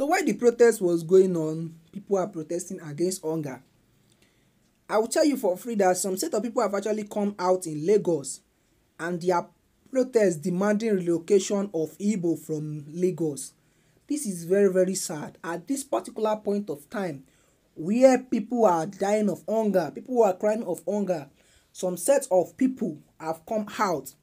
So while the protest was going on, people are protesting against hunger. I will tell you for free that some set of people have actually come out in Lagos and they are protest demanding relocation of Igbo from Lagos. This is very very sad. At this particular point of time where people are dying of hunger, people are crying of hunger, some set of people have come out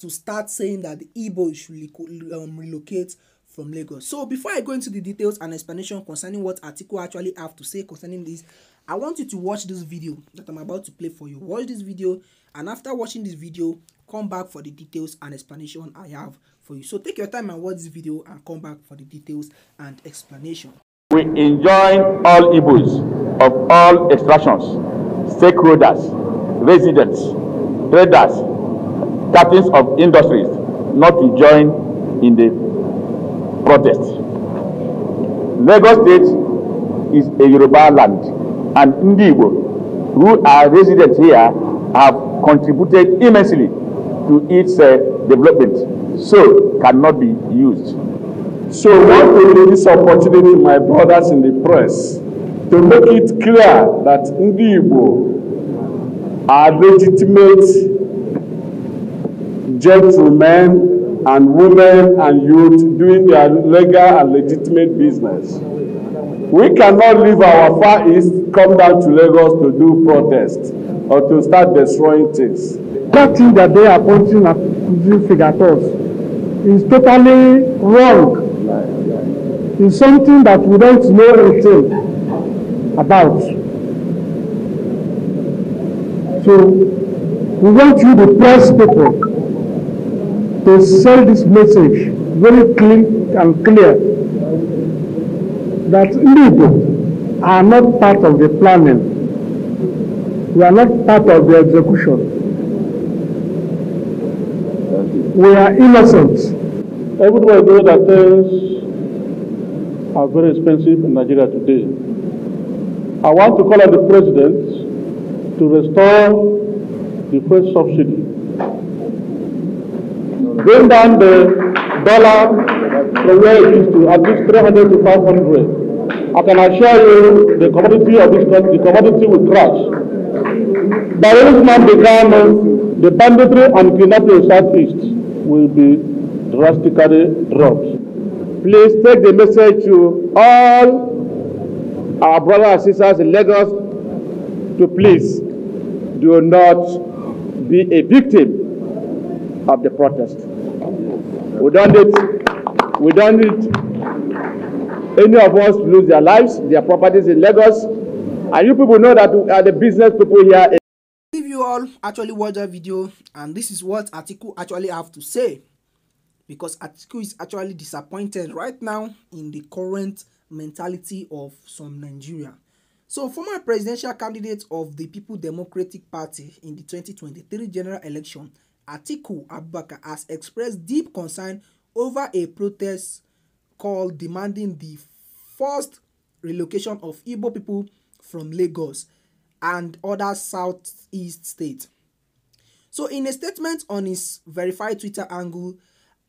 to start saying that the Igbo should um, relocate from Lagos. So before I go into the details and explanation concerning what article actually have to say concerning this, I want you to watch this video that I'm about to play for you. Watch this video and after watching this video, come back for the details and explanation I have for you. So take your time and watch this video and come back for the details and explanation. We enjoin all evils of all extractions, stakeholders, residents, traders, captains of industries not to join in the protest. Lagos State is a Yoruba land, and Ndi who are resident here, have contributed immensely to its uh, development. So, cannot be used. So, what want to this opportunity my brothers in the press to make it clear that Ndi are legitimate gentlemen and women and youth doing their legal and legitimate business. We cannot leave our Far East, come down to Lagos to do protest or to start destroying things. That thing that they are pointing at figure at us is totally wrong. It's something that we don't know anything about. So we want you to press people to sell this message very clean and clear that Igbo are not part of the planning. We are not part of the execution. We are innocent. Everybody knows that things are very expensive in Nigeria today. I want to call on the president to restore the first subsidy bring down the dollar from where used to at least 300 to 500. I can assure you the commodity of this country, the commodity will crash. By this man began, the banditry and kidnapping in Southeast will be drastically dropped. Please take the message to all our brothers and sisters in Lagos to please do not be a victim of the protest. We don't need, we don't need any of us lose their lives, their properties in Lagos. And you people know that we are the business people here. If you all actually watch that video, and this is what Atiku actually have to say, because Atiku is actually disappointed right now in the current mentality of some Nigeria. So, former presidential candidate of the People Democratic Party in the 2023 general election, Atiku Abubakar has expressed deep concern over a protest call demanding the forced relocation of Igbo people from Lagos and other southeast states. So, in a statement on his verified Twitter angle,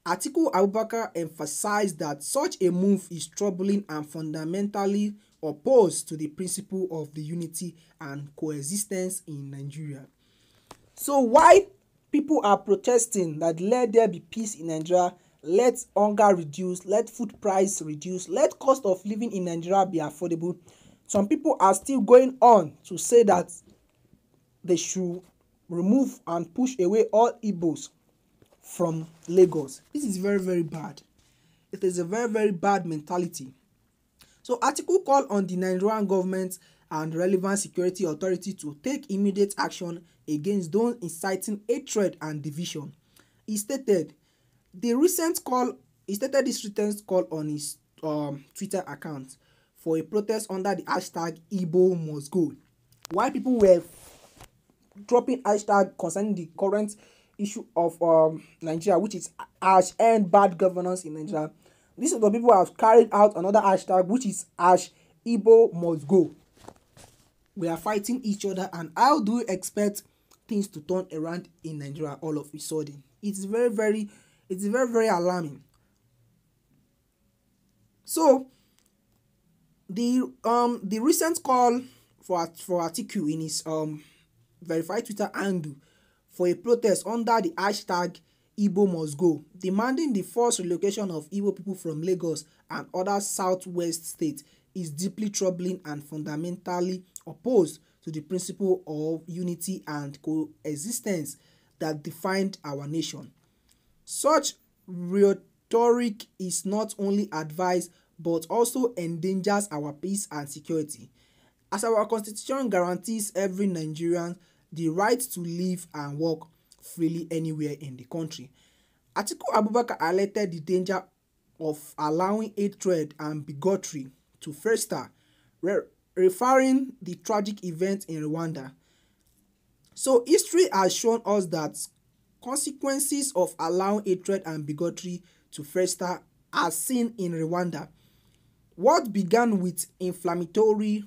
Atiku Abubakar emphasized that such a move is troubling and fundamentally opposed to the principle of the unity and coexistence in Nigeria. So, why People are protesting that let there be peace in Nigeria, let hunger reduce, let food price reduce, let cost of living in Nigeria be affordable. Some people are still going on to say that they should remove and push away all Igbos from Lagos. This is very, very bad. It is a very, very bad mentality. So article call on the Nigerian government and relevant security authority to take immediate action against those inciting hatred and division. He stated the recent call he stated this recent call on his um, Twitter account for a protest under the hashtag Igbo must go. While people were dropping hashtag concerning the current issue of um, Nigeria, which is ash and bad governance in Nigeria, these are the people who have carried out another hashtag, which is ash Igbo must go. we are fighting each other and how do you expect things to turn around in nigeria all of a sudden it's very very it's very very alarming so the um the recent call for for Atiku in his um verified Twitter handle for a protest under the hashtag Igbo must go, demanding the forced relocation of Igbo people from Lagos and other southwest states is deeply troubling and fundamentally opposed to the principle of unity and coexistence that defined our nation. Such rhetoric is not only advised but also endangers our peace and security. As our constitution guarantees every Nigerian the right to live and work freely anywhere in the country. Atiku Abubakar alerted the danger of allowing hatred and bigotry to Festa, re referring the tragic event in Rwanda. So history has shown us that consequences of allowing hatred and bigotry to fester are seen in Rwanda. What began with inflammatory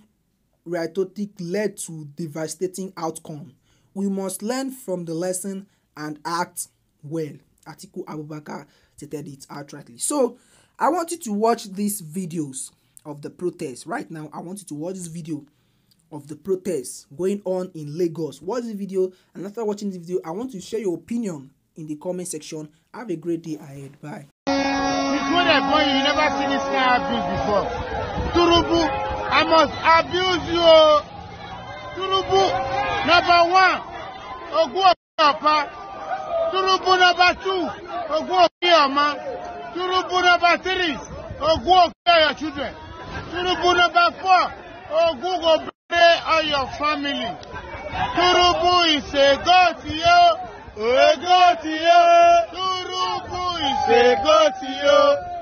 rhetoric led to devastating outcome. We must learn from the lesson and act well. Article Abubakar stated it outrightly. So, I want you to watch these videos of the protest right now i want you to watch this video of the protest going on in lagos watch the video and after watching this video i want to share your opinion in the comment section have a great day ahead bye since when i you never see this kind abuse before turubu i must abuse you turubu number one ogun ọpa turubu number two ogun oke turubu number three ogun oke your children. Tinubu number four, Ogun go pray on your family. Tinubu is a God to you, a God to you. Tinubu is a God to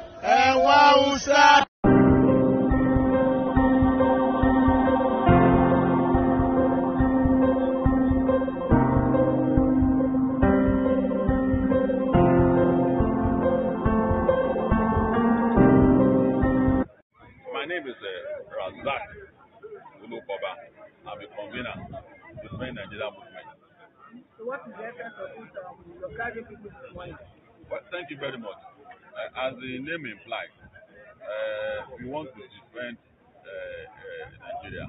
Islam with So what is the essence of Islam? Um, You're carrying people to mind. Well, thank you very much. Uh, as the name implies, uh, we want to defend uh, uh, Nigeria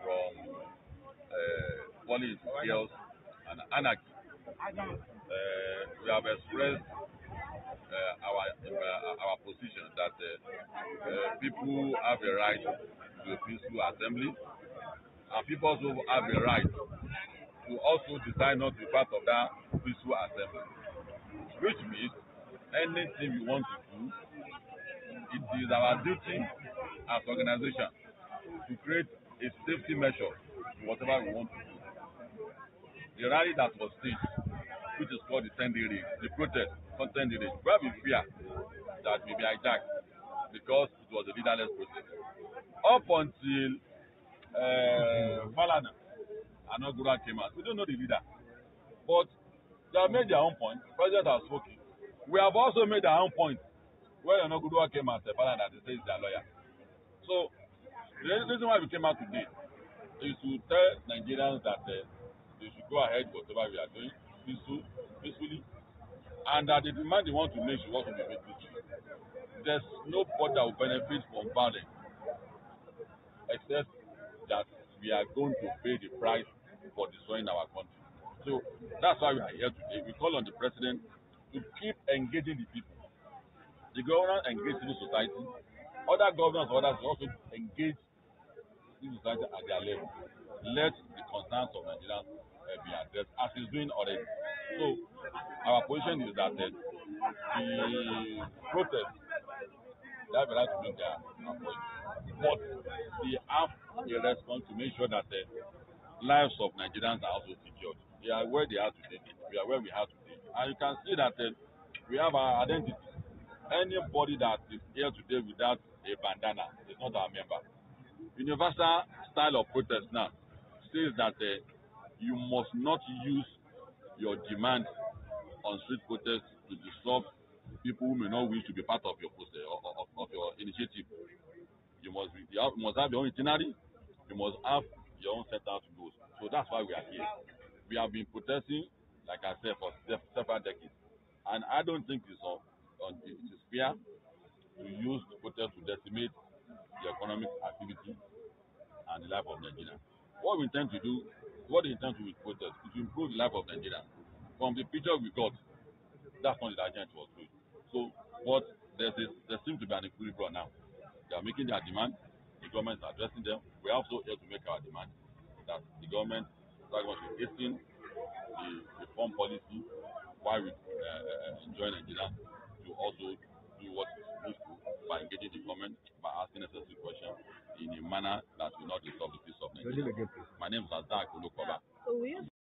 from uh, falling chaos and anarchy. Uh, we have expressed uh, our uh, our position that uh, uh, people have a right to a peaceful assembly and people also have a right will also decide not to be part of that peaceful assembly. Which means anything you want to do, it is our duty as organization to create a safety measure for whatever we want to do. The rally that was staged, which is called the 10 day raid, the protest on 10 day raid, where fear that we be hijacked because it was a leaderless protest. Up until uh, Malana inaugural came out. We don't know the leader. But they have made their own point. The president has spoken. We have also made our own point where inaugural came out, the father that says their lawyer. So the reason why we came out today is to tell Nigerians that uh, they should go ahead whatever we are doing peaceful, peacefully and that the demand they want to make should also be made peacefully. There's no part that will benefit from violence except that we are going to pay the price for destroying our country. So that's why we are here today. We call on the president to keep engaging the people. The governor engage civil society. Other governments, others also engage civil society at their level. Let the concerns of Nigerians uh, eh, be addressed as is doing already. So our position is that uh, the protest that we have to do their But we have a response to make sure that uh, lives of Nigerians are also secured. We are where they are today. We are where we are today. And you can see that uh, we have our identity. Anybody that is here today without a bandana is not our member. Universal style of protest now says that uh, you must not use your demand on street protest to disturb people who may not wish to be part of your protest uh, or, of, of your initiative. You must, be, you, have, you must have your itinerary. You must have your own set out goals. So that's why we are here. We have been protesting, like I said, for several decades. And I don't think it's, on, on, it fair to use protest to decimate the economic activity and the life of Nigeria. What we intend to do, what we intend to do with protest, is to improve the life of Nigeria. From the picture we got, that's not the agenda was doing. So, but there's a, there seems to be an equilibrium now. They are making their demand, government addressing them. We are also here to make our demand that the government should hasten the reform policy while we uh, uh, enjoy Nigeria to also do what needs to by engaging the government by asking necessary questions in a manner that will not disturb the peace of Nigeria. My name is Azda Akolo Koba.